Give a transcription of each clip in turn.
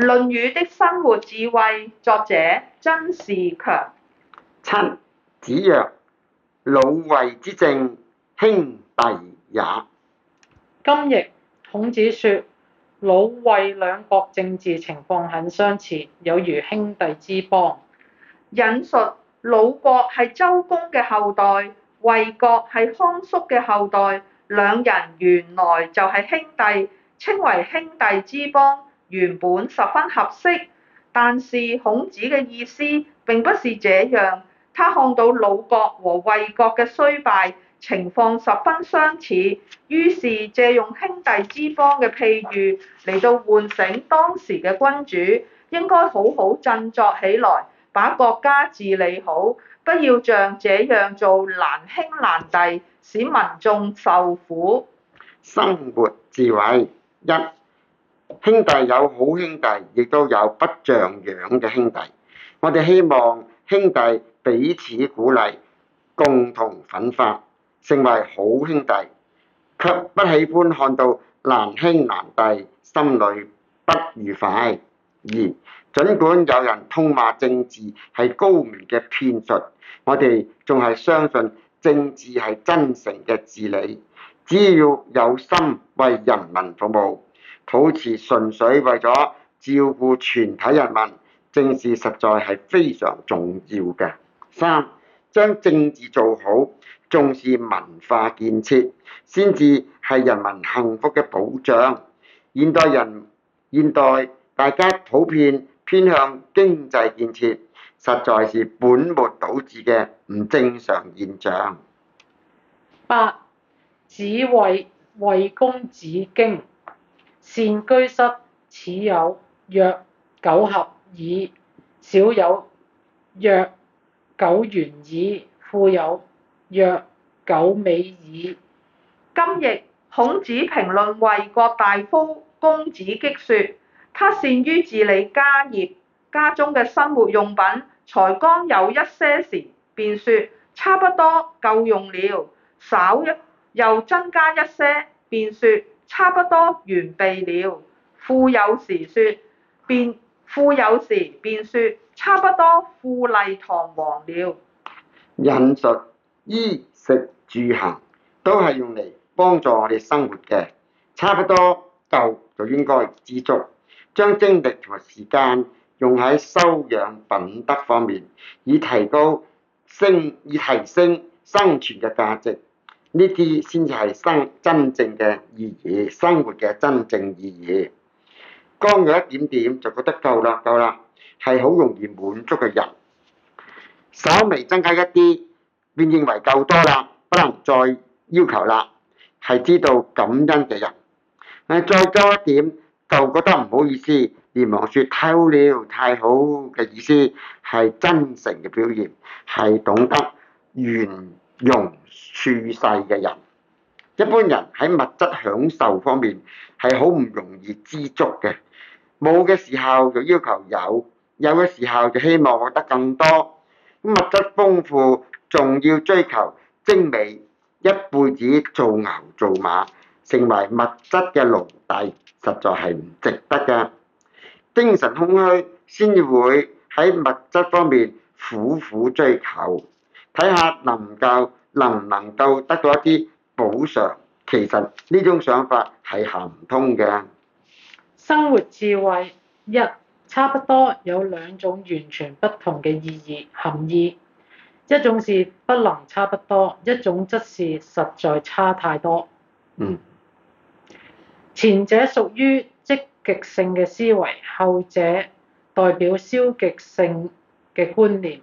《論語》的生活智慧，作者曾仕強。七子曰：魯衛之政，兄弟也。今譯孔子說，魯衛兩國政治情況很相似，有如兄弟之邦。引述魯國係周公嘅後代，衛國係康叔嘅後代，兩人原來就係兄弟，稱為兄弟之邦。原本十分合適，但是孔子嘅意思並不是這樣。他看到魯國和魏國嘅衰敗情況十分相似，於是借用兄弟之邦嘅譬喻嚟到喚醒當時嘅君主，應該好好振作起來，把國家治理好，不要像這樣做難兄難弟，使民眾受苦。生活智慧一。兄弟有好兄弟，亦都有不像樣嘅兄弟。我哋希望兄弟彼此鼓勵，共同奮發，成為好兄弟。卻不喜歡看到難兄難弟，心裏不愉快。而儘管有人痛罵政治係高明嘅騙術，我哋仲係相信政治係真誠嘅治理，只要有心為人民服務。保持純粹為咗照顧全體人民，政治實在係非常重要嘅。三，將政治做好，重視文化建設，先至係人民幸福嘅保障。現代人，現代大家普遍偏向經濟建設，實在是本末倒置嘅唔正常現象。八只為為公子經。善居室，始有曰苟合矣；少有曰苟完矣；富有曰苟美矣。今日，孔子評論衛國大夫公子荊説，他善於治理家業，家中嘅生活用品才剛有一些時，便説差不多夠用了，少一又增加一些，便説，差不多完備了。富有時說，便富有時便說，差不多富麗堂皇了。引述衣食住行都係用嚟幫助我哋生活嘅，差不多夠就應該知足，將精力同時間用喺修養品德方面，以提高升以提升生存嘅價值。呢啲先至係生真正嘅意義，生活嘅真正意義。剛有一點點就覺得夠啦夠啦，係好容易滿足嘅人。稍微增加一啲，便認為夠多啦，不能再要求啦。係知道感恩嘅人。咪再多一點，就覺得唔好意思，連忙說偷了，太好嘅意思，係真誠嘅表現，係懂得願。嗯用處世嘅人，一般人喺物質享受方面係好唔容易知足嘅，冇嘅時候就要求有，有嘅時候就希望獲得更多。物質豐富仲要追求精美，一輩子做牛做馬，成為物質嘅奴隸，實在係唔值得㗎。精神空虛先至會喺物質方面苦苦追求。睇下能唔夠，能唔能夠得到一啲補償？其實呢種想法係行唔通嘅。生活智慧一，差不多有兩種完全不同嘅意義含義，一種是不能差不多，一種則是實在差太多。嗯。前者屬於積極性嘅思維，後者代表消極性嘅觀念。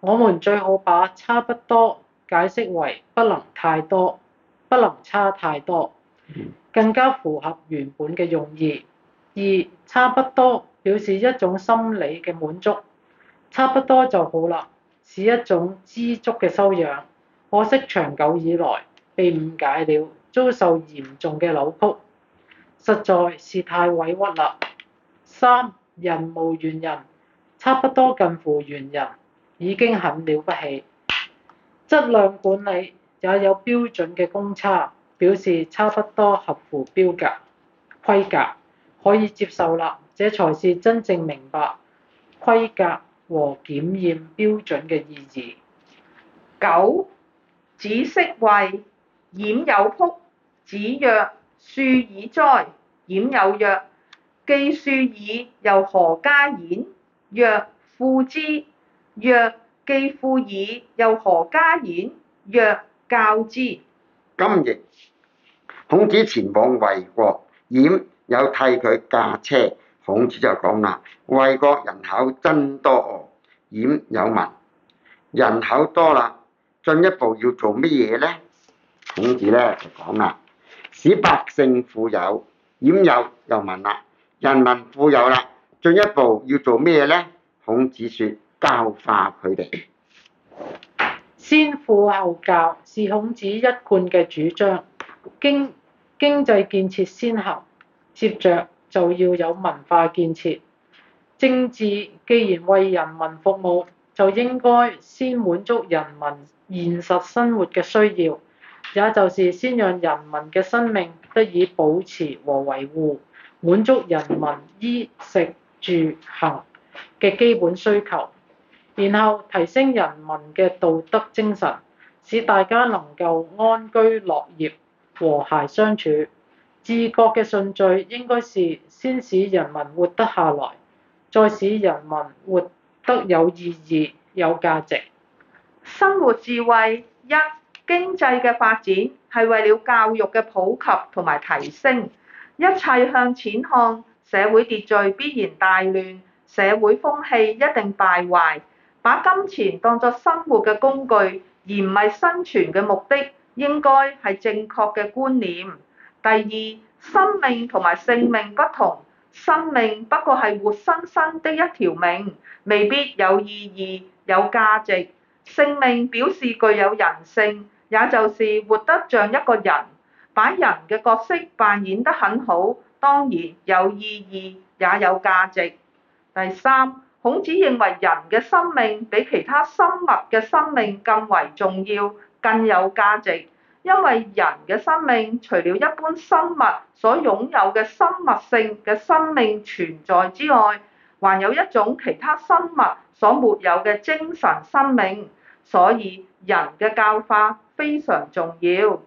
我們最好把差不多解釋為不能太多，不能差太多，更加符合原本嘅用意。二，差不多表示一種心理嘅滿足，差不多就好啦，是一種知足嘅修養。可惜長久以來被誤解了，遭受嚴重嘅扭曲，實在是太委屈啦。三，人無完人，差不多近乎完人。已經很了不起，質量管理也有標準嘅公差，表示差不多合乎標格規格，可以接受啦。這才是真正明白規格和檢驗標準嘅意義。九、子適衛，冉有僕，子曰：庶矣哉！冉有曰：既庶矣，又何加焉？曰：富之。曰，既富矣，又何加焉？曰，教之。今亦孔子前往衛國，冉有替佢駕車。孔子就講啦：衛國人口真多哦！冉有問：人口多啦，進一步要做乜嘢呢？孔子咧就講啦：使百姓富有。冉有又問啦：人民富有啦，進一步要做咩呢？孔子說。教化佢哋，先富後教是孔子一貫嘅主張。經經濟建設先行，接着就要有文化建設。政治既然為人民服務，就應該先滿足人民現實生活嘅需要，也就是先讓人民嘅生命得以保持和維護，滿足人民衣食住行嘅基本需求。然後提升人民嘅道德精神，使大家能夠安居樂業、和諧相處。治國嘅順序應該是先使人民活得下來，再使人民活得有意義、有價值。生活智慧一經濟嘅發展係為了教育嘅普及同埋提升。一切向錢看，社會秩序必然大亂，社會風氣一定敗壞。把金錢當作生活嘅工具，而唔係生存嘅目的，應該係正確嘅觀念。第二，生命同埋性命不同，生命不過係活生生的一條命，未必有意義、有價值。性命表示具有人性，也就是活得像一個人，把人嘅角色扮演得很好，當然有意義，也有價值。第三。孔子認為人嘅生命比其他生物嘅生命更為重要、更有價值，因為人嘅生命除了一般生物所擁有嘅生物性嘅生命存在之外，還有一種其他生物所沒有嘅精神生命，所以人嘅教化非常重要。